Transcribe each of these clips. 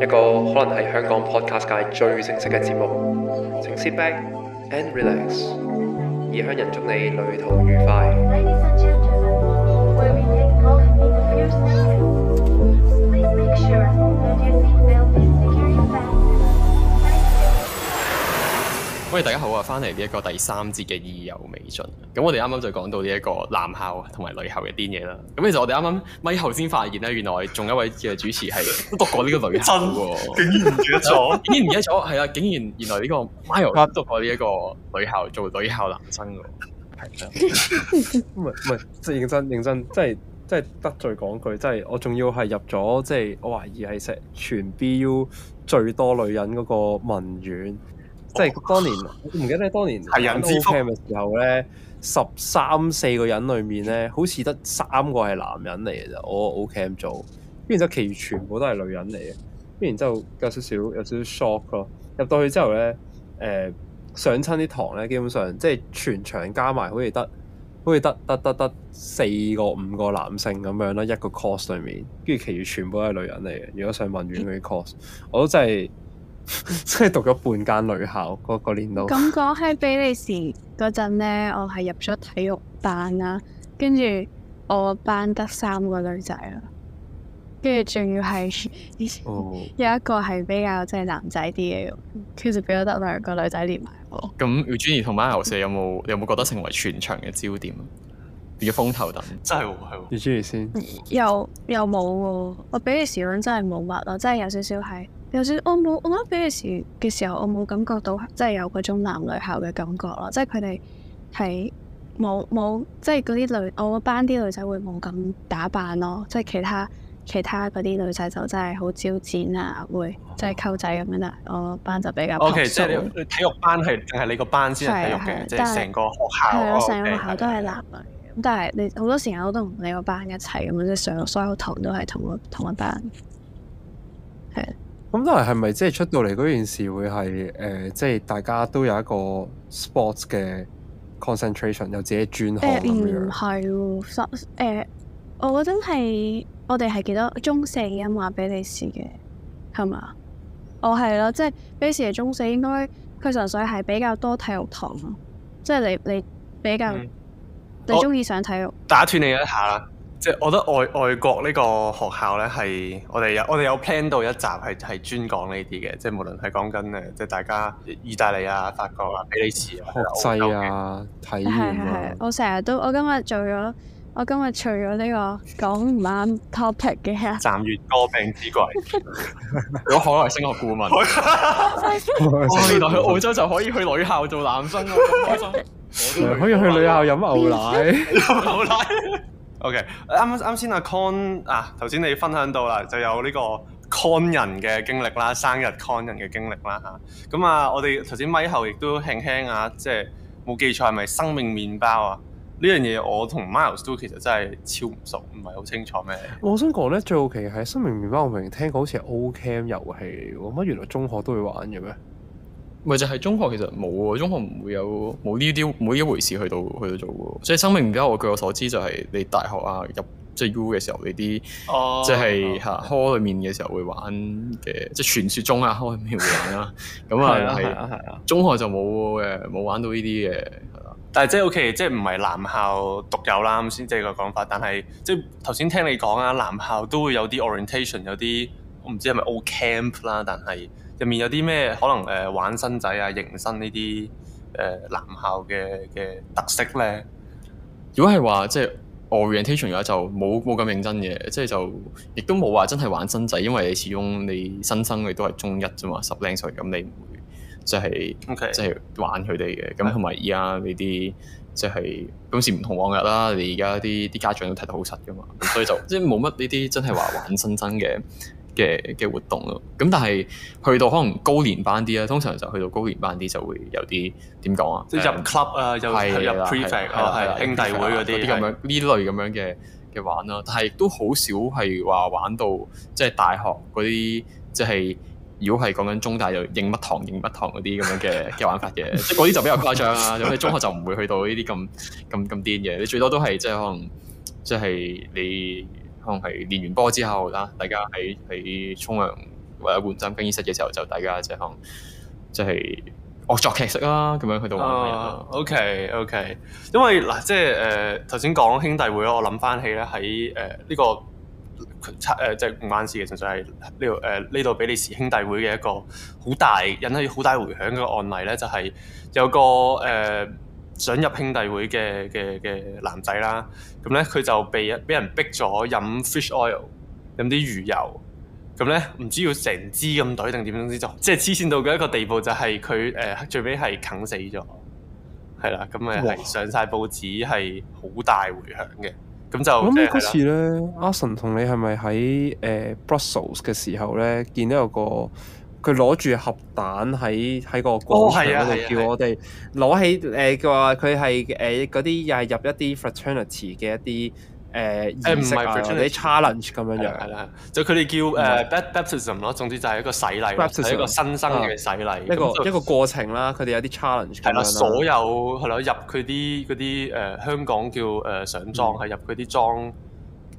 一個可能係香港 podcast 界最正式嘅節目，請 sit back and relax，異鄉人祝你旅途愉快。喂，大家好啊！翻嚟呢一個第三節嘅意猶未盡。咁，我哋啱啱就講到呢一個男校同埋女校嘅啲嘢啦。咁，其實我哋啱啱咪 i 先發現咧，原來仲有一位嘅主持係都讀過呢個女校喎。竟然唔記得咗， 竟唔記得咗，係 啊！竟然原來呢個 m i c h 讀過呢一個女校，做女校男生嘅。係啊，唔係唔即係認真認真，即係即係得罪講句，即係我仲要係入咗，即、就、係、是、我懷疑係成全 BU 最多女人嗰個文院。即係當年，唔記得咧。當年喺 Ocamp 嘅時候咧，十三四個人裏面咧，好似得三個係男人嚟嘅啫。我 Ocamp 做，跟住就其餘全部都係女人嚟嘅。跟住之後有少少有少少 shock 咯。入到去之後咧，誒、呃，上親啲堂咧，基本上即係全場加埋好似得，好似得得得得四個五個男性咁樣啦，一個 course 裏面，跟住其餘全部都係女人嚟嘅。如果上文苑嗰啲 course，嗯、我都真係。即係 讀咗半間女校嗰，那個年度。咁講喺比利時嗰陣咧，我係入咗體育班啦，啊，跟住我班得三個女仔咯，跟住仲要係， 有一個係比較即係，就是，男仔啲嘅，其實比較得兩個女仔連埋。咁要 u l 同班 a 舍有冇有冇 覺得成為全場嘅焦點啊？變咗風頭等 真係係，哦，你中意先？又又冇喎，我比利時嗰真係冇乜咯，真係有少少係。就算我冇，我覺得平時嘅時候我冇感覺到即係有嗰種男女校嘅感覺咯，即係佢哋係冇冇，即係嗰啲女我個班啲女仔會冇咁打扮咯，即係其他其他嗰啲女仔就真係好招展啊，會即係溝仔咁樣啦。我班就比較 OK，即係體育班係係你個班先係體育嘅，即係成個學校。係係是。成個是學校，okay，個校都係男女嘅，okay，但係你好多時我都同你個班一齊咁樣，即係上所有堂都係同一同一班。係。咁都係係咪即係出到嚟嗰件事會係誒、呃，即係大家都有一個 sports 嘅 concentration，有自己專項咁樣？誒唔係，所、嗯、誒、呃，我覺得係我哋係幾多中四嘅話俾你試嘅，係嘛？哦，係咯，即係 base 係中四應該，應該佢純粹係比較多體育堂咯，即係你你比較、嗯、你中意上體育，打斷你一下。啦。即係我覺得外外國呢個學校咧，係我哋有我哋有 plan 到一集係係專講呢啲嘅，即係無論係講緊誒，即係大家意大利啊、法國啊、比利時啊、歐洲啊體驗、啊、我成日都我今日做咗，我今日除咗呢個講唔啱 topic 嘅，暫遇過病之季， 如果可能，海外升學顧問，我未來去澳洲就可以去女校做男生啦、啊， 可以去女校飲牛奶。 OK，啱啱啱先阿 Con 啊，頭先你分享到啦，就有呢個 con 人嘅經歷啦，生日 con 人嘅經歷啦嚇。咁啊，我哋頭先咪後亦都輕輕啊，即係冇記錯係咪生命麵包啊？呢樣嘢我同 Miles 都其實真係超唔熟，唔係好清楚咩？我想講咧，最好奇係生命麵包，我明明聽過好似係 O Camp 遊戲喎，乜原來中學都會玩嘅咩？咪就係中學其實冇喎，中學唔會有冇呢啲，冇一回事，去到去到做喎。即係生命唔鳩，我據我所知就係、是、你大學啊入即係 U 嘅時候你啲，即係嚇 hall 裏面嘅時候會玩嘅，yeah, 即係傳説中啊 hall 裡面會玩啦。咁 啊係、啊啊、中學就冇嘅，冇玩到呢啲嘅。啊、但係即係 OK，即係唔係男校獨有啦，咁先即係個講法。但係即係頭先聽你講啊，男校都會有啲 orientation 有啲。 我唔知係咪 O camp 啦，但係入面有啲咩可能誒、呃、玩新仔啊、迎新呢啲誒男校嘅嘅特色咧？如果係話即係 orientation 嘅話，就冇冇咁認真嘅，即係就亦都冇話真係玩新仔，因為你始終你新生你都係中一啫嘛，十零歲咁，你唔會即係即係玩佢哋嘅。咁同埋而家呢啲即係今時唔同往日啦，你而家啲啲家長都睇得好實噶嘛， 所以就即係冇乜呢啲真係話玩新新嘅。 嘅嘅活動咯，咁但係去到可能高年班啲啦，通常就去到高年班啲就會有啲點講啊，即係入 club 啊，又 入 prefect 啊，兄弟會嗰啲咁樣呢類咁樣嘅嘅玩啦，但係都好少係話玩到即係、就是、大學嗰啲，即、就、係、是、如果係講緊中大又應乜堂應乜堂嗰啲咁樣嘅嘅玩法嘅，即係嗰啲就比較誇張啊，咁你 中學就唔會去到呢啲咁咁咁癲嘅，你最多都係即係可能即、就、係、是就是、你。可能係練完波之後啦，大家喺喺沖涼或者換衫更衣室嘅時候，就大家即係即係惡作劇式啦，咁樣去到。OK，OK，因為嗱，即係誒頭先講兄弟會咯，我諗翻起咧喺誒呢個誒即係唔關事嘅，純粹係呢度誒呢度比利時兄弟會嘅一個好大引起好大回響嘅案例咧，就係、是、有個誒。呃想入兄弟會嘅嘅嘅男仔啦，咁咧佢就被俾人逼咗飲 fish oil，飲啲魚油，咁咧唔知要成支咁懟定點樣先做，即係黐線到嘅一個地步就，呃、就係佢誒最尾係啃死咗，係啦哇，咁咪係上晒報紙，係好大迴響嘅，咁就。我諗嗰次咧，阿神同你係咪喺誒 Brussels 嘅時候咧見到有個？佢攞住核彈喺喺個廣場嗰度，叫我哋攞起誒，佢話佢係誒嗰啲又係入一啲 fraternity 嘅一啲唔係 fraternity challenge 咁樣樣。係啦，就佢哋叫誒 baptism 咯，總之就係一個洗禮，係一個新生嘅洗禮，一個一個過程啦。佢哋有啲 challenge。係啦，所有係啦，入佢啲嗰啲誒香港叫誒上莊係入佢啲莊。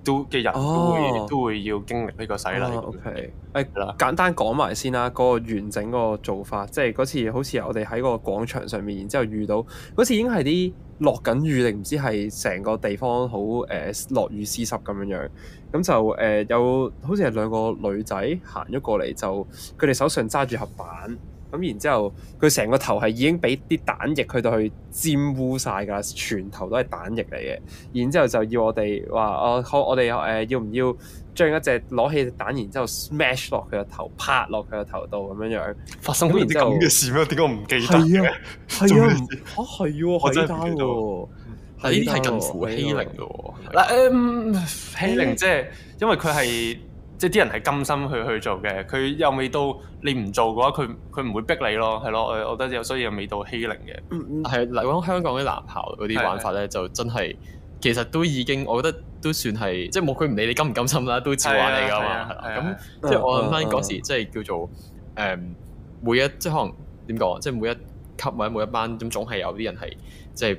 都嘅人都會，哦、都會要經歷呢個洗禮。O K，誒簡單講埋先啦，嗰 個完整個做法，即係嗰次好似我哋喺個廣場上面，然之後遇到嗰次已經係啲落緊雨定唔知係成個地方好誒落雨濕濕咁樣，咁就誒、呃、有好似係兩個女仔行咗過嚟，就佢哋手上揸住盒板。咁然之後，佢成個頭係已經俾啲蛋液去到去沾污晒㗎啦，全頭都係蛋液嚟嘅。然之後就要我哋話我我哋誒要唔要將一隻攞起隻蛋，然之後 smash 落佢個頭，拍落佢個頭度咁樣樣發生。咁啲咁嘅事咩？點解唔記得嘅？係啊，唔係喎，我真係唔記得喎。呢啲係近乎欺凌㗎喎。嗱誒，欺凌即係因為佢係。即係啲人係甘心去去做嘅，佢又未到你唔做嘅話，佢佢唔會逼你咯，係咯，我覺得有所以又未到欺凌嘅。係嚟講香港啲男校嗰啲玩法咧，的就真係其實都已經，我覺得都算係即係冇，佢唔理你甘唔甘心啦，都照玩你噶嘛，係咁即係我諗翻嗰時即，即係叫做誒每一即係可能點講，即係每一級或者每一班，咁總係有啲人係即係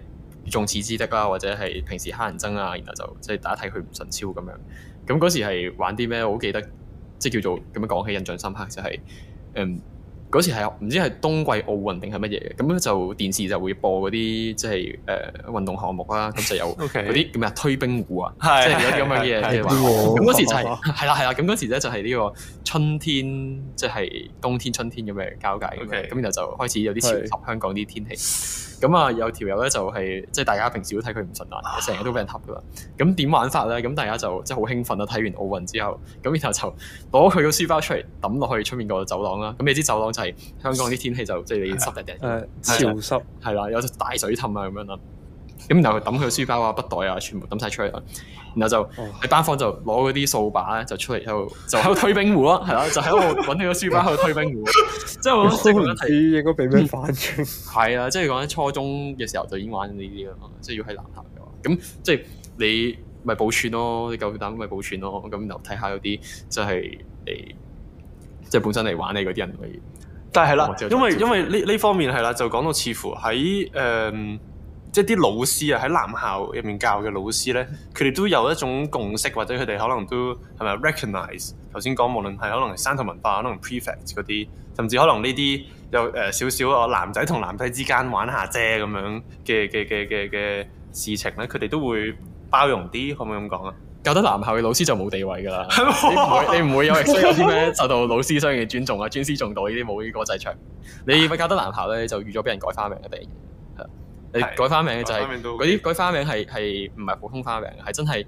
眾矢之的啦，或者係平時蝦人憎啊，然後就即係大家睇佢唔順超咁樣。咁嗰、嗯、時係玩啲咩？我好記得，即叫做咁樣講起印象深刻就係、是，嗯。嗰時係啊，唔知係冬季奧運定係乜嘢，咁樣就電視就會播嗰啲即係誒運動項目啦，咁就有嗰啲叫咩啊？ okay，推冰壺啊，即係嗰啲咁樣嘅嘢。咁嗰 時就係係啦係啦，咁嗰時咧就係呢個春天，即係冬天春天咁嘅交界咁 Okay, 然後就開始有啲潮濕，香港啲天氣。咁啊 有條友咧就係即係大家平時都睇佢唔順眼，成日 都俾人揼噶啦。咁點玩法咧？咁大家就即係好興奮啦，睇完奧運之後，咁然後就攞佢個書包出嚟抌落去出面個走廊啦。咁你知走廊。就係香港啲天氣就即係、就是、濕掟掟、 嗯，潮濕係啦，有隻大水氹啊咁樣啦。咁然後抌佢書包啊、筆袋啊，全部抌晒出去啦。然後就喺、哦、班房就攞嗰啲掃把咧，就出嚟喺度，就喺度推冰壺咯，係啦，就喺度揾呢個書包喺度推冰壺。即係呢個問題應該俾咩反應？係 啊，即係講喺初中嘅時候就已經玩呢啲嘛，即係要喺男校嘅話，咁即係你咪補綫咯，你夠膽咪補綫咯。咁然後睇下有啲即係誒，即、就、係、是就是、本身嚟玩你嗰啲人咪。 但係啦，嗯、因為、嗯、因為呢呢方面係 啦，就講到似乎喺誒、呃，即係啲老師啊，喺男校入面教嘅老師咧，佢哋 都有一種共識，或者佢哋可能都係咪 recognize 頭先講，無論係可能係山頭文化，可能 prefect 嗰啲，甚至可能呢啲有誒少少哦男仔同男仔之間玩下啫咁樣嘅嘅嘅嘅嘅事情咧，佢哋都會包容啲，可唔可以咁講啊？教得男校嘅老師就冇地位噶啦， 你唔會，你唔會有，所以有啲咩受到老師相應嘅尊重啊， 尊師重道呢啲冇啲歌仔唱。你以為教得男校咧，就預咗俾人改花名一定，係啊，是你改花名就係、是、啲改花名係係唔係普通花名啊，係真係。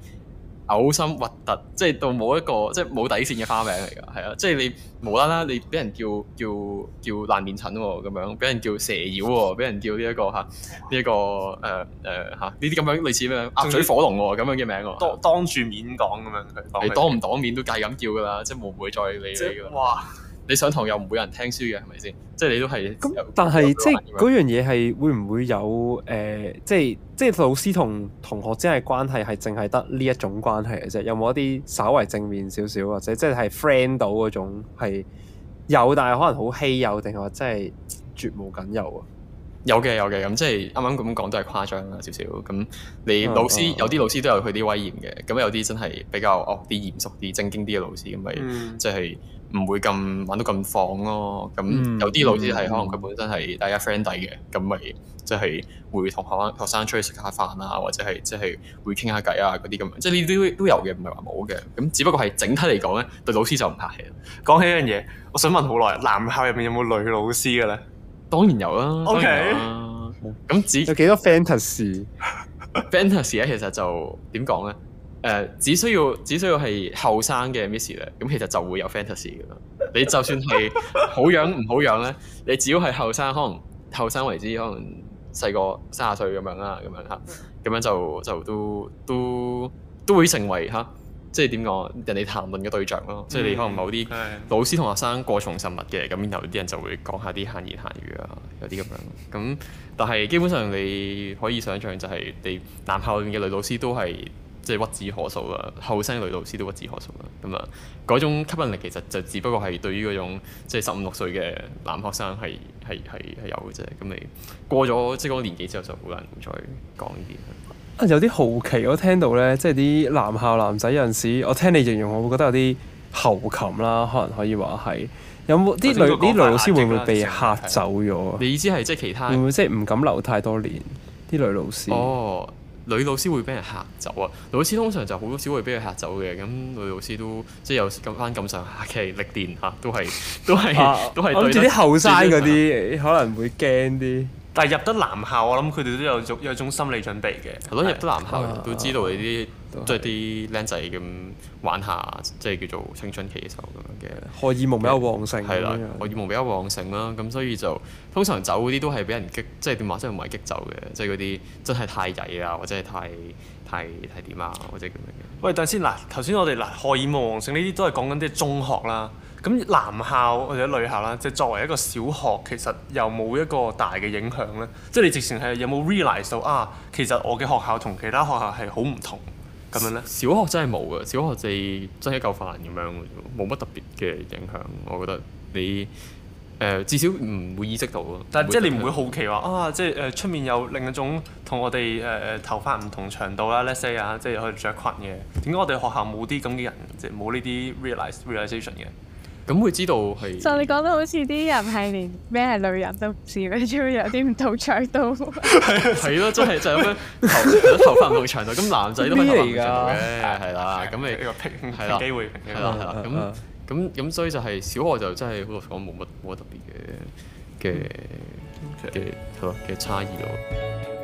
嘔心核突，即係到冇一個即係冇底線嘅花名嚟㗎，係、這個、啊！即係你無啦啦你俾人叫叫叫爛面塵喎，咁樣俾人叫蛇妖喎，俾人叫呢一個嚇呢一個誒誒嚇呢啲咁樣類似咩鴨嘴火龍喎咁要樣嘅名喎，當住面講咁樣你係當唔的當，當面都係咁叫㗎啦，即係冇會再理你㗎。你上堂又唔會有人聽書嘅，係咪先？即係你都係咁。但係是即係嗰樣嘢係會唔會有誒、呃？即係即係老師同同學之間嘅關係係淨係得呢一種關係嘅啫？有冇一啲稍為正面少少，或者即係 friend 到嗰種係有，但係可能好稀有，定係真係絕無僅有啊？有嘅有嘅，咁即係啱啱咁講都係誇張啦少少。咁你老師、uh, 有啲老師都有佢啲威嚴嘅，咁、uh, 有啲真係比較惡啲、uh, 嚴肅啲、正經啲嘅老師，咁咪即係唔會咁玩到咁放咯。咁、uh, 有啲老師係可能佢本身係大家 friend 底嘅，咁咪即係會同學生學生出去食下飯啊，或者係即係會傾下偈啊嗰啲咁。即係呢啲都有嘅，唔係話冇嘅。咁只不過係整體嚟講咧，對老師就唔客氣。講起呢樣嘢，我想問好耐，男校入面有冇女老師嘅咧？當然有啦，OK、啊。咁只有幾多 fantasy？fantasy 咧、啊，其實就點講咧？誒、uh，只需要只需要係後生嘅 miss 咧，咁其實就會有 fantasy 㗎啦。你就算係好養唔好養咧， 你只要係後生，可能後生為之，可能細個三十歲咁樣啦、啊，咁樣吓，咁樣就就都都都會成為吓。即係點講人哋談論嘅對象咯，嗯、即係你可能某啲老師同學生過從甚密嘅，咁邊頭啲人就會講下啲閒言閒語啊，有啲咁樣。咁但係基本上你可以想象就係你男校入面嘅女老師都係即係屈指可數啦，後生女老師都屈指可數啦。咁啊，嗰種吸引力其實就，就只不過係對於嗰種即係十五六歲嘅男學生係係係係有嘅啫。咁你過咗即係嗰個年紀之後就好難再講呢啲。有啲好奇，我聽到咧，即係啲男校男仔有陣時，我聽你形容，我會覺得有啲喉擒啦，可能可以話係有冇啲女啲老師會唔會被嚇走咗？你意思係即係其他會唔會即係唔敢留太多年啲女老師？哦，女老師會俾人嚇走啊！老師通常就好少會俾佢嚇走嘅，咁女老師都即係有翻咁上下嘅歷練吓，都係都係都係對住啲後生嗰啲可能會驚啲。但係入得男校，我諗佢哋都有種有種心理準備嘅。係咯，入得男校都知道啲即係啲僆仔咁玩下，即係叫做青春期嘅時候咁樣嘅。荷爾蒙比較旺盛。係啦，荷爾蒙比較旺盛啦，咁所以就通常走嗰啲都係俾人激，即係點話，即係唔係激走嘅，即係嗰啲真係太曳啊 uc、er，或者係太太太點啊，或者咁樣嘅。喂，等先嗱，頭先我哋嗱荷爾蒙旺盛呢啲都係講緊啲中學啦。咁男校或者女校啦，即係作為一個小學，其實又冇一個大嘅影響咧？即係你直情係有冇 realize 到啊？其實我嘅學校同其他學校係好唔同咁樣咧。小學真係冇㗎，小學就真係一嚿飯咁樣冇乜特別嘅影響。我覺得你誒、呃、至少唔會意識到咯。但係即係你唔會好奇話啊？即係誒出面有另一種同我哋誒誒頭髮唔同長度啦。Let’s say 啊，即係可以著裙嘅。點解我哋學校冇啲咁嘅人？即係冇呢啲 realize realization 嘅？咁會知道係就你講得好似啲人係連咩係女人都唔時不時要有啲唔到取道係係咯，真係 Arrow 就咁樣頭頭髮唔長到，咁男仔都可以頭髮唔長到嘅，係啦，咁咪係啦，機會係啦，咁咁咁所以就係小學就真係好似講冇乜冇乜特別嘅嘅嘅好嘅差異咯。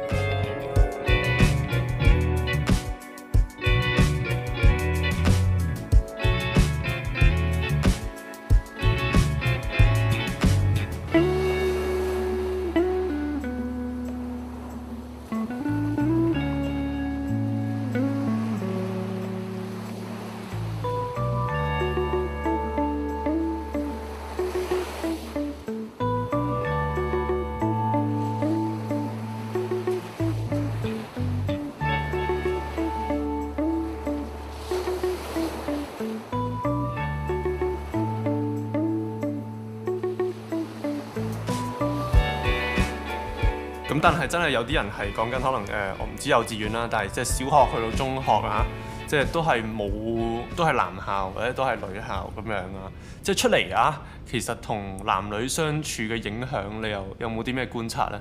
但係真係有啲人係講緊可能誒、呃，我唔知幼稚園啦，但係即係小學去到中學啊，即係都係冇，都係男校或者都係女校咁樣啊。即係出嚟啊，其實同男女相處嘅影響，你又有冇啲咩觀察呢？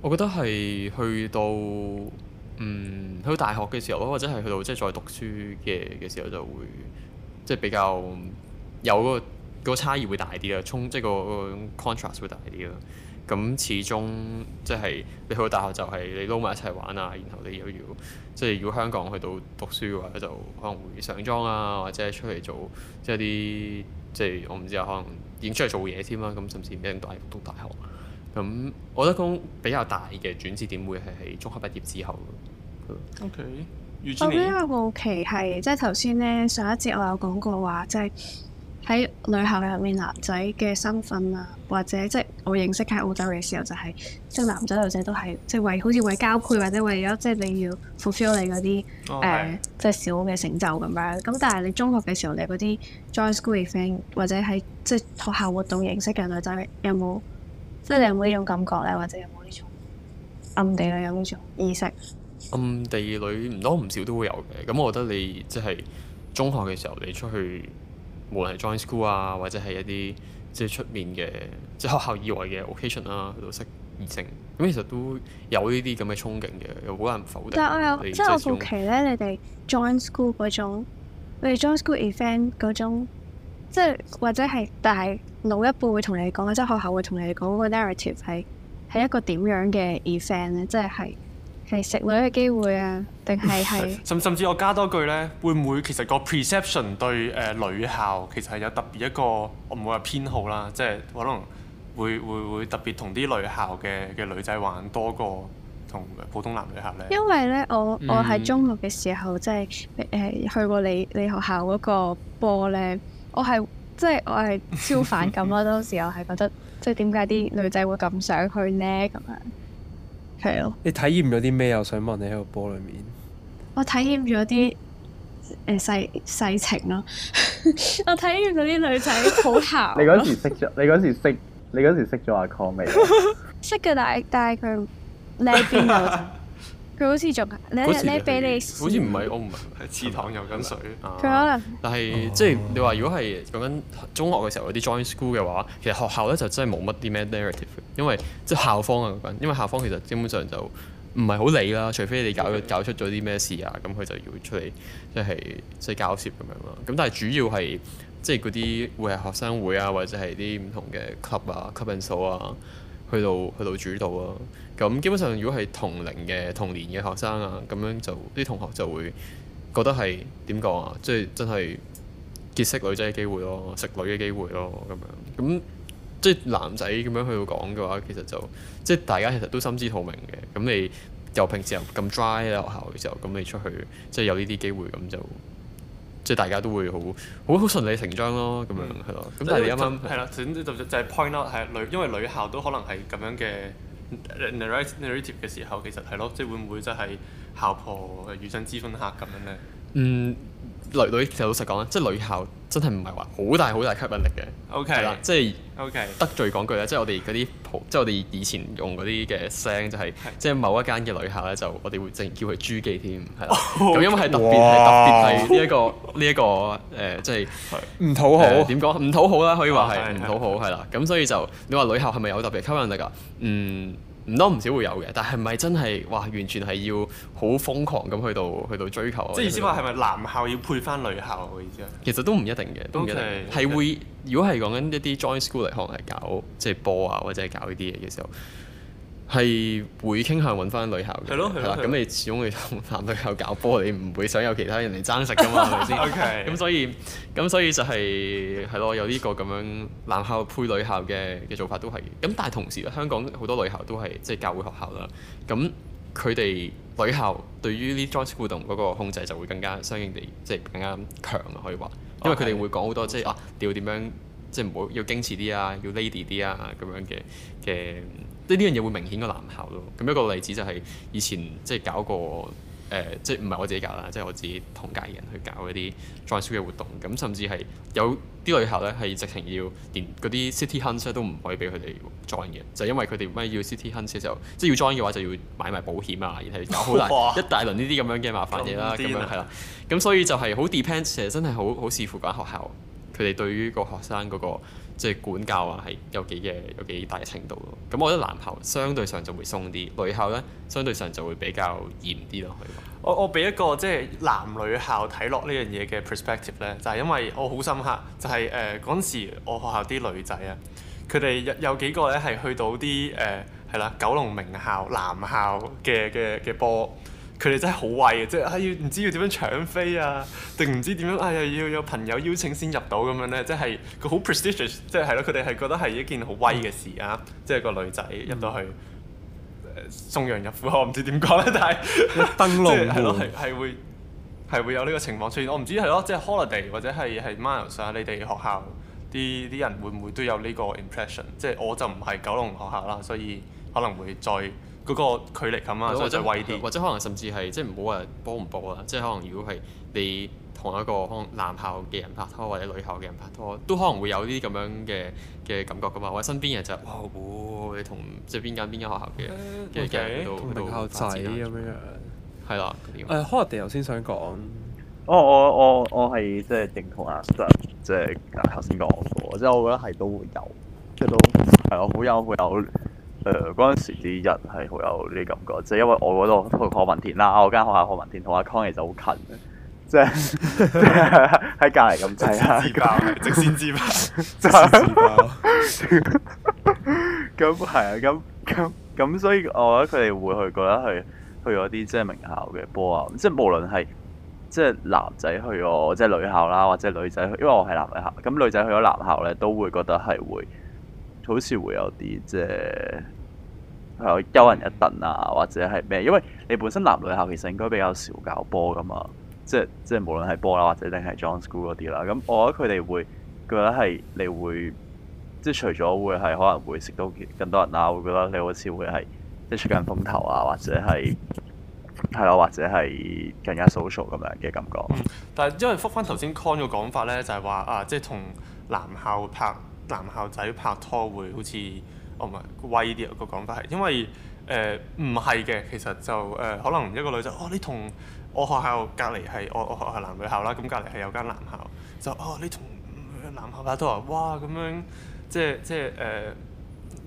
我覺得係去到嗯去到大學嘅時候啊，或者係去到即係再讀書嘅嘅時候就會即係比較有個個差異會大啲啊，衝即係個個 contrast 會大啲咯。咁始終即係你去到大學就係你撈埋一齊玩啊，然後你又要即係如果香港去到讀書嘅話，就可能會上妝啊，或者出嚟做即係啲即係我唔知啊，可能已經出嚟做嘢添啦，咁甚至唔一定大讀大學。咁我覺得講比較大嘅轉捩點會係喺中學畢業之後咯。O、okay. K.、E、我比較好奇係即係頭先咧上一節我有講過話即係。喺女校入面，男仔嘅身份啊，或者即係我認識喺澳洲嘅時候、就是，就係即係男仔女仔都係即係為好似為交配或者為咗即係你要 fulfill 你嗰啲誒即係小嘅成就咁樣。咁但係你中學嘅時候，你嗰啲 joint school event 或者喺即係學校活動認識嘅女仔，有冇即你有冇呢種感覺咧？或者有冇呢種暗地裏有呢種意識？暗地裏唔多唔少都會有嘅。咁我覺得你即係、就是、中學嘅時候，你出去。無論係 join school 啊，或者係一啲即係出面嘅，即係學校以外嘅 occasion 啦、啊，去到識異性，咁其實都有呢啲咁嘅憧憬嘅，又好難否定。但係我有，即係我好奇咧，你哋 join school 嗰種，你哋 join school event 嗰種，即係或者係，但係老一輩會同你哋講，即係學校會同你哋講嗰個 narrative 係係一個點樣嘅 event 咧，即係係。係食女嘅機會啊？定係係？甚 甚至我加多句呢，會唔會其實個 perception 對誒、呃、女校其實係有特別一個，我唔會話偏好啦，即係可能會會會特別同啲女校嘅嘅女仔玩多過同普通男女校呢？因為呢，我我喺中學嘅時候，嗯、即係誒、呃、去過你你學校嗰個波呢，我係即係我係超反感咯。 當時我係覺得，即係點解啲女仔會咁想去呢？咁樣？係咯，你體驗咗啲咩？我想問你喺個波裏面，我體驗咗啲誒細細情咯， 我體驗到啲女仔好姣。你嗰時識咗，你嗰時識，你嗰時識咗阿 Con 未？ 識嘅，但係但係佢，你喺邊啊？ 佢好似仲、就是、你俾你，好似唔係我唔係喺池塘游緊水。佢、啊、可能，但係即係你話如果係講緊中學嘅時候嗰啲 join school 嘅話，其實學校咧就真係冇乜啲咩 narrative，因為即係、就是、校方啊，因為校方其實基本上就唔係好理啦，除非你搞搞出咗啲咩事啊，咁佢、okay. 就要出嚟即係即係交涉咁樣咯。咁但係主要係即係嗰啲會係學生會啊，或者係啲唔同嘅 club 啊，club and show 啊。去到去到主導咯，咁基本上如果係同齡嘅同年嘅學生啊，咁樣就啲同學就會覺得係點講啊？即係真係結識女仔嘅機會咯，食女嘅機會咯，咁樣咁即係男仔咁樣去到講嘅話，其實就即係大家其實都心知肚明嘅。咁你由平時又咁 dry 喺學校嘅時候，咁你出去即係有呢啲機會，咁就。即係大家都會好好好順理成章咯，咁樣係咯。咁、嗯、但係你啱啱係啦，就就係 point out 係女，因為女校都可能係咁樣嘅 narrative 嘅時候，其實係咯，即係會唔會真係校婆與爭資分客咁樣咧？嗯。女女就老實講啦，即係女校真係唔係話好大好大吸引力嘅。OK，係 okay .啦，即係 OK。得罪講句咧，即係我哋嗰啲即係我哋以前用嗰啲嘅聲、就係，就係的即係某一間嘅女校咧，就我哋會正叫佢豬記添，係啦。咁因為係特別係特別係呢一個呢一個誒，即係唔討好。點講唔討好啦？可以話係唔討好係啦。咁的所以就你話女校係咪有特別吸引力㗎？嗯。唔多唔少會有嘅，但係唔係真係哇，完全係要好瘋狂咁去到去到追求。即係意思話係咪男校要配翻女校嘅意思啊？其實都唔一定嘅，okay，都唔一定嘅，okay，係會。如果係講緊一啲 join school 嚟講，係搞即係波啊，就是、或者係搞呢啲嘢嘅時候。係會傾向揾返女校嘅，係咯，係啦。咁你始終你同男女校搞波，你唔會想有其他人嚟爭食㗎嘛？係咪先？咁 所以咁所以就係係咯，有呢個咁樣男校配女校嘅嘅做法都係。咁但係同時香港好多女校都係即係教會學校啦。咁佢哋女校對於呢種 Joint School 互動嗰個控制就會更加相應地即係、就是、更加強可以話，因為佢哋會講好多即係 Okay, 啊，你要點樣即係唔好要矜持啲啊，要 lady 啲啊咁樣嘅嘅。即呢樣嘢會明顯個男校咯。咁一個例子就係以前即係搞過誒，即係唔係我自己搞啦，即係我自己同屆人去搞一啲 joint school 嘅活動。咁甚至係有啲女校咧係直情要連嗰啲 city hunter 都唔可以俾佢哋 join 嘅，就因為佢哋咩要 city hunter 嘅時候，即係要 join 嘅話就要買埋保險啊，然係搞好大哇一大輪呢啲咁樣嘅麻煩嘢啦。咁樣係啦，咁所以就係好 depends，其實真係好好視乎個學校佢哋對於個學生嗰個。即係管教啊，係有幾嘅有幾大程度咯。咁我覺得男校相對上就會鬆啲，女校咧相對上就會比較嚴啲咯。去我。我我俾一個即係、就是、男女校睇落呢樣嘢嘅 perspective 咧，就係、是、因為我好深刻，就係誒嗰陣時我學校啲女仔啊，佢哋有有幾個咧係去到啲誒係啦九龍名校男校嘅嘅嘅波。佢哋真係好威嘅，即係啊要唔知要點樣搶飛啊，定唔知點樣啊又、哎、要有朋友邀請先入到咁樣咧，即係佢好 prestigious，即係係咯，佢哋係覺得係一件好威嘅事啊！嗯、即係個女仔入、嗯、到去、呃、送羊入虎口，我唔知點講咧，但係一燈籠係咯，係會係會有呢個情況出現。我唔知係咯，即係、就是、holiday 或者係係 minus 啊，iles，你哋學校啲啲人會唔會都有呢個 impression？即係我就唔係九龍學校啦，所以可能會再。嗰個距離咁啊，或者或者，或者可能甚至係即係唔好話波唔波啦，即係可能如果係你同一個可能男校嘅人拍拖，或者女校嘅人拍拖，都可能會有呢啲咁樣嘅嘅感覺噶嘛。或者身邊人就哇，你同即係邊間邊間學校嘅嘅人喺度拍仔咁樣，係啦嗰啲。誒可能頭先想講，我我我我係即係認同啊 Sir，即係頭先講嘅，即係我覺得係都會有，即係都係我好有好有。誒嗰、呃、時啲人係好有呢啲感覺，即係因為我嗰度去何文田啦，我間學校何文田同阿 Conie 就好近，即係喺隔離咁滯。係啊，直線之交，直線之交。咁係啊，咁咁咁，所以我覺得佢哋會去覺得去去嗰啲即係名校嘅波啊，即係無論係即係男仔去咗即係女校啦，或者女仔，去，因為我係男校，咁女仔去咗男校咧，都會覺得係會好似會有啲即係。係啊，有人一頓啊，或者係咩？因為你本身男女校其實應該比較少搞波㗎嘛，即係即係無論係波啦，或者定係 Joint School 嗰啲啦。咁、嗯、我覺得佢哋會，覺得係你會，即係除咗會係可能會識到更多人啦、啊，會覺得你好似會係即係出緊風頭啊，或者係係啊，或者係更加 social 咁樣嘅感覺。嗯、但係因為覆返頭先 Con 嘅講法咧，就係、是、話啊，即係同男校拍男校仔拍拖會好似。哦，唔係，威啲個講法係，因為誒唔係嘅，其實就誒、呃、可能一個女仔，哦，你同我學校隔離係，我我學校男女校啦，咁隔離係有間男校，就哦你同男校拍拖啊，哇咁樣，即係即係誒、呃、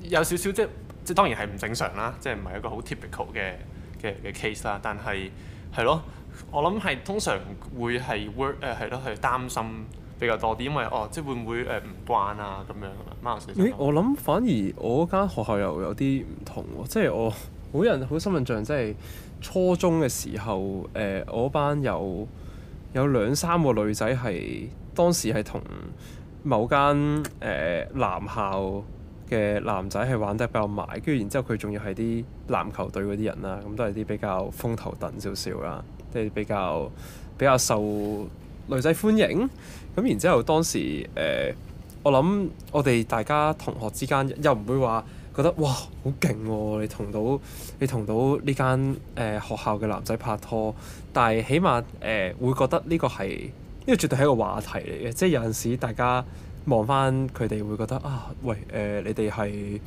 有少少即係即係當然係唔正常啦，即係唔係一個好 typical 嘅嘅嘅 case 啦，但係係咯，我諗係通常會係 work 誒係咯，係擔心。比較多啲，因為哦，即係會唔會誒唔、呃、慣啊咁樣啊 m a 我諗反而我嗰間學校又有啲唔同喎，即係我好人好深印象，即係初中嘅時候，誒、呃、我班有有兩三個女仔係當時係同某間誒、呃、男校嘅男仔係玩得比較埋，跟住然之後佢仲要係啲籃球隊嗰啲人啦，咁都係啲比較風頭躉少少啦，即係比較比較受女仔歡迎。咁然之後，當時誒、呃，我諗我哋大家同學之間又唔會話覺得哇好勁喎，你同到你同到呢間誒學校嘅男仔拍拖，但係起碼誒、呃、會覺得呢個係呢、呢個絕對係一個話題嚟嘅，即係有陣時大家望返佢哋會覺得啊，喂誒、呃，你哋係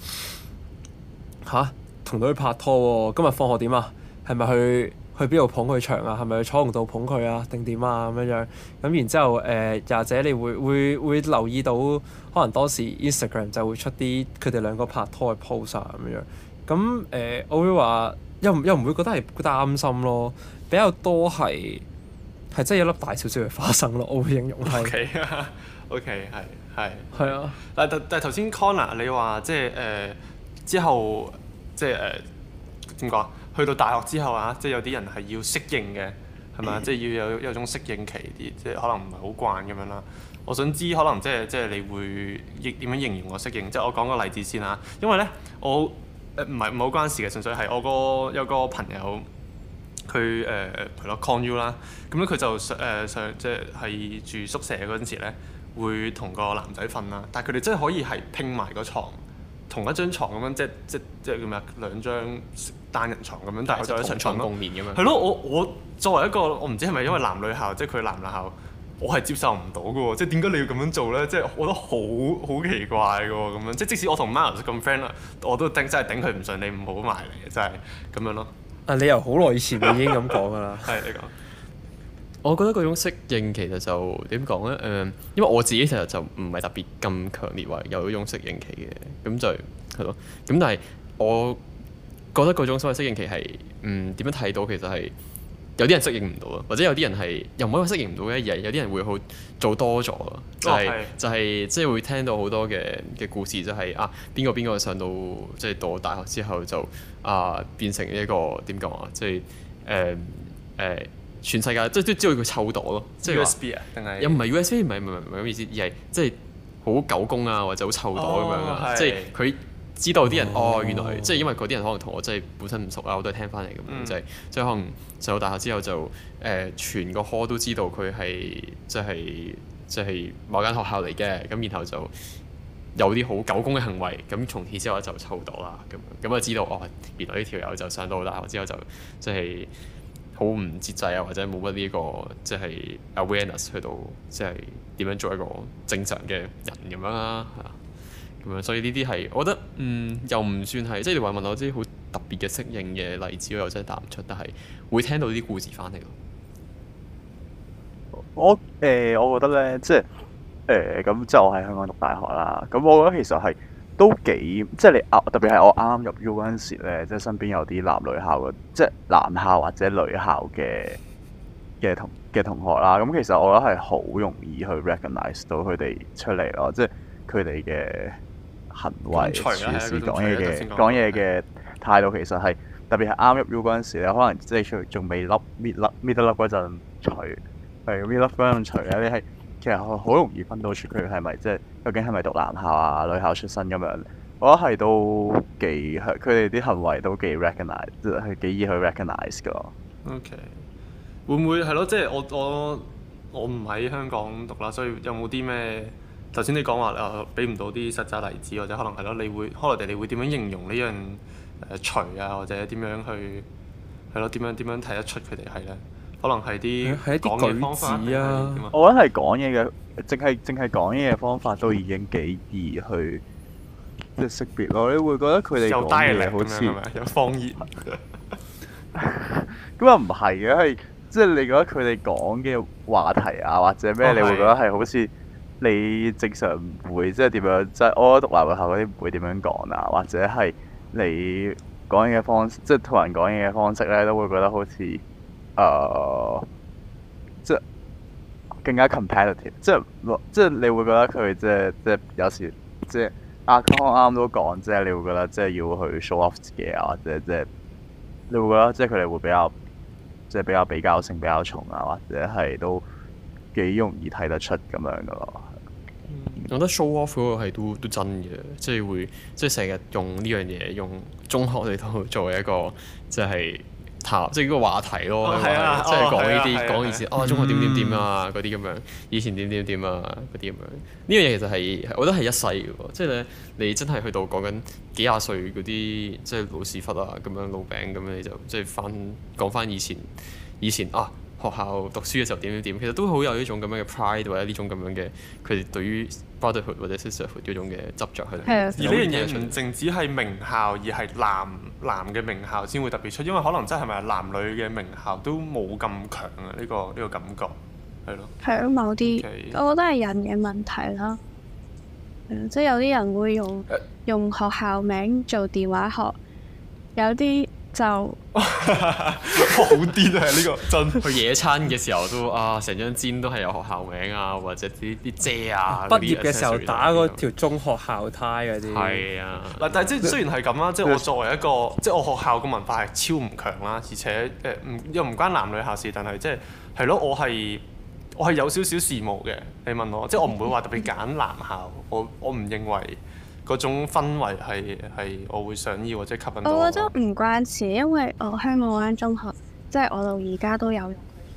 吓，同到去拍拖喎、哦，今日放學點啊，係咪去？去邊度捧佢場啊？係咪去彩虹度捧佢啊？定點啊咁樣樣咁，然之後誒，又、呃、或者你會會會，會留意到，可能當時 Instagram 就會出啲佢哋兩個拍拖嘅 post 啊咁樣。咁誒、呃，我會話又唔又唔會覺得係擔心咯，比較多係係真係一粒大少少嘅花生咯，我會形容係。O K 啊，O K 係係。係啊，但但頭先 Connor 你話即係誒、呃、之後即係誒點講啊？呃去到大學之後啊，即係有啲人係要適應嘅，係咪、嗯、即係要有一種適應期啲，即係可能唔係好慣咁樣啦。我想知可能即係即係你會點樣形容我適應？即係我講個例子先啊，因為咧我誒唔、呃、係唔好關事嘅，純粹係我個有個朋友佢誒係咯，con u 啦，咁咧佢就誒、呃、上即係住宿舍嗰陣時咧會同個男仔瞓啦，但係佢哋真係可以係拼埋個床，同一張床咁樣，即即即係叫咩啊？兩張單人床咁樣，但係就一場牀共眠咁樣。係咯，我我作為一個，我唔知係咪因為男女校，嗯、即係佢男男校，我係接受唔到嘅喎。即係點解你要咁樣做咧？即係我覺得好好奇怪嘅喎，咁樣。即係即使我同 Miles 咁 friend 啦，我都真頂真係頂佢唔順，你唔好埋嚟，真係咁樣咯。啊！你又好耐以前你已經咁講㗎啦。係 你講。我覺得嗰種適應其實就點講咧？誒，uh, 因為我自己其實就唔係特別咁強烈話有嗰種適應期嘅，咁就係、係、咯。咁但係我，覺得嗰種所謂適應期係，嗯，點樣睇到其實係有啲人適應唔到咯，或者有啲人係又唔可以話適應唔到嘅，而係，有啲人會好做多咗，就係、是、就係、是就是、即係會聽到好多嘅嘅故事，就係、是、啊邊個邊個上到即係到大學之後就啊變成一個點講啊，即係誒誒全世界即係都知道佢臭惰咯，即係 USB 啊定係又唔係 USB，唔係唔係唔係咁意思，而係即係好狗公啊或者好臭惰咁、哦、樣啊，即係佢。是知道啲人哦，oh, 原來、oh. 即係因為嗰啲人可能同我真係本身唔熟啊，我都係聽翻嚟咁樣，即係即係可能上到大學之後就誒、呃、全個科都知道佢係即係即係某間學校嚟嘅，咁然後就有啲好狗公嘅行為，咁從此之後就臭到啦咁樣，咁就知道哦，原來呢條友就上到大學之後就即係好唔節制啊，或者冇乜呢個即係、就是、awareness 去到即係點樣做一個正常嘅人咁樣啦。Mm. 咁樣，所以呢啲係，我覺得，嗯，又唔算係， 即係你話問我啲好特別嘅適應嘅例子，我又真係答唔出。但係會聽到啲故事翻嚟。我誒、呃，我覺得咧，即係誒，咁、呃、即係我喺香港讀大學啦。咁我覺得其實係都幾，即係你，特別係我啱入 U 嗰陣時咧，即係身邊有啲男女校嘅，即係男校或者女校嘅嘅同嘅同學啦。咁其實我覺得係好容易去 recognize 到佢哋出嚟咯，即係佢哋嘅。行為、處事、講嘢嘅、講嘢嘅態度其剛剛，其實係特別係啱入 U 嗰陣時咧，可能即係出仲未甩，搣甩搣得甩嗰陣，除例如搣甩咁除啊，你係其實好容易分到出佢係咪即係究竟係咪讀男校啊女校出身咁樣？我覺得係都幾佢哋啲行為都幾 recognize，係幾易去 recognize 噶。OK，會唔會係咯？即係我我我唔喺香港讀啦，所以有冇啲咩？就先你講話誒，俾唔到啲實質例子，或者可能係咯，你會，可能你你會點樣形容呢樣誒除啊，或者點樣去係咯，點樣點樣睇得出佢哋係咧？可能係啲係一啲舉止啊，我覺得係講嘢嘅，淨係淨係講嘢嘅方法都已經幾易去即係、就是、識別咯。你會覺得佢哋講嚟好似有方熱？咁又唔係嘅，係即係你覺得佢哋講嘅話題啊，或者咩，Okay. 你會覺得係好似？你正常會即係點樣，即係我讀獨立學校嗰啲會點樣講啊？或者係你講嘢嘅方式，即係同人講嘢嘅方式咧，都會覺得好似誒，即係更加 competitive，即係即係你會覺得佢即係即係有時即係阿康啱都講，即係你會覺得即係要去 show off 自己啊，或者即係你會覺得即係佢哋會比較即係比較比較性比較重啊，或者係都幾容易睇得出咁樣噶咯。我覺得 show off 嗰個係都都真嘅，即係會即係成日用呢樣嘢用中學嚟到作為一個即係即係呢個話題咯，即係講呢啲講以前啊，中學點點點啊嗰啲咁樣，以前點點點啊嗰啲咁樣，呢樣嘢其實係我覺得係一世嘅喎，即係咧你，你真係去到講緊幾廿歲嗰啲即係老屎忽啊咁樣老餅咁樣，你就即係翻講翻以前以前，以前啊～學校讀書嘅時候點點點，其實都好有呢種咁樣嘅 pride 或者呢種咁樣嘅佢哋對於 brotherhood 或者 sisterhood 嗰種嘅執著去。係啊，而呢樣嘢唔淨止係，名校，而係男男嘅名校先會特別出，因為可能真係咪男女嘅名校都冇咁強啊？呢個呢個感覺係咯。係咯，某啲 Okay. 我覺得係人嘅問題啦、嗯。即係有啲人會用、呃、用學校名做電話學，有啲。就 好癲啊！呢、這個真去 野餐嘅時候都啊，成張氈都係有學校名啊，或者啲啲遮啊。畢業嘅時候打嗰條中學校呔嗰啲。係啊，嗱，但係即係雖然係咁啦，即係我作為一個， 即係我學校個文化係超唔強啦，而且誒，唔、呃、又唔關男女校事，但係即係係咯，我係我係有少少羨慕嘅。你問我，即係我唔會話特別揀男校，我我唔認為。嗰種氛圍係係我會想要或者吸引我。我覺得唔關事，因為我香港間中學，即係我到而家都有，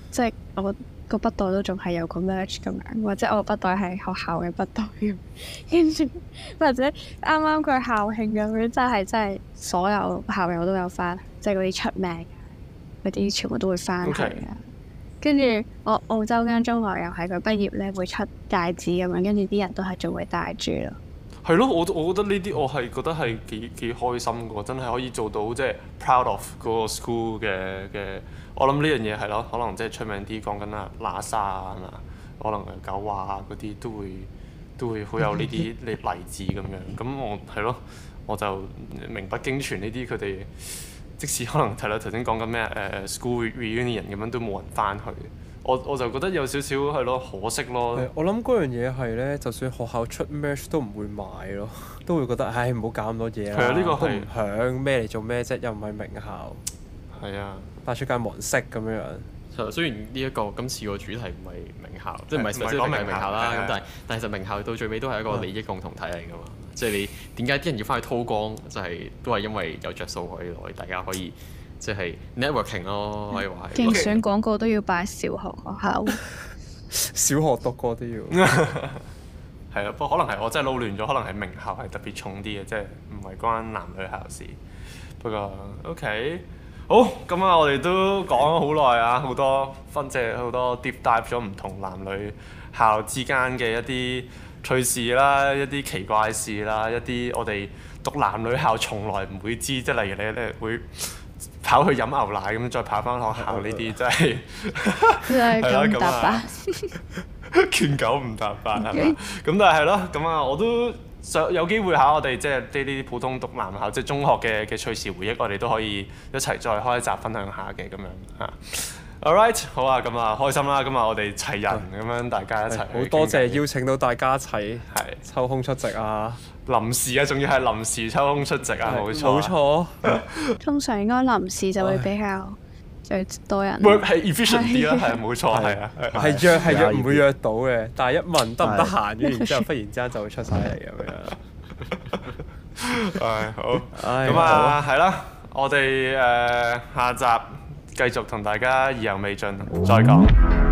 即係我個筆袋都仲係有個 latch 咁樣，或者我筆袋係學校嘅筆袋咁。跟 住或者啱啱佢校慶咁樣，真係真係所有校友都有翻，即係嗰啲出名嗰啲全部都會翻嚟嘅。跟住我澳洲間中學又喺佢畢業咧，會出戒指咁樣，跟住啲人都係仲會戴住咯。係咯，我我覺得呢啲我係覺得係幾幾開心嘅，真係可以做到即係 proud of 嗰個 school 嘅嘅。我諗呢樣嘢係咯，可能即係出名啲講緊啊喇沙啊，可能啊九華啊嗰啲都會都會好有呢啲例子咁樣。咁、嗯、我係咯，我就名不經傳呢啲佢哋，即使可能睇到頭先講緊咩誒 school reunion 咁樣都冇人返去。我我就覺得有少少係咯，可惜咯。我諗嗰樣嘢係咧，就算學校出 match 都唔會買咯，都會覺得唉，唔好搞咁多嘢啊！係啊，呢、呢個都唔響咩嚟做咩啫？又唔係名校。係啊。打出界模式咁樣。係啊，雖然呢、呢、一個今次個主題唔係名校，名校即係唔係即係唔係名校啦。咁是的 但係但係，其實名校到最尾都係一個利益共同體嚟㗎嘛。即係是的 你點解啲人要翻去偷光？就係、是、都係因為有着數可以來，大家可以。即係 networking 停咯，可以話。競選廣告都要擺小學學校。小學讀過都要。係咯，不過可能係我真係撈亂咗，可能係名校係特別重啲嘅，即係唔係關男女校事。不過 OK，好，咁啊，我哋都講咗好耐啊，好多分析好多 deep dive 咗唔同男女校之間嘅一啲趣事啦，一啲奇怪事啦，一啲我哋讀男女校從來唔會知，即係例如你咧會。跑去飲牛奶咁，再跑翻學校呢啲奶真係，係 啊，唔搭八，拳九唔搭八啊！咁但係係咯，咁啊，我都想有機會考我哋即係啲呢啲普通讀男校，即係中學嘅嘅趣事回憶，我哋都可以一齊再開一集分享下嘅咁樣嚇。Alright，l 好啊，咁啊，開心啦，咁啊，我哋齊人咁樣大家一齊好多謝邀請到大家一齊係抽空出席啊！臨時啊，仲要係臨時抽空出席啊，冇錯。通常應該臨時就會比較最多人會係 efficient 啲咯，係啊，冇錯，係啊，係約係約唔會約到嘅，但係一問得唔得閒嘅，然之後忽然之間就會出晒嚟咁樣。唉，好，咁啊，係啦，我哋誒下集繼續同大家意猶未盡，再講。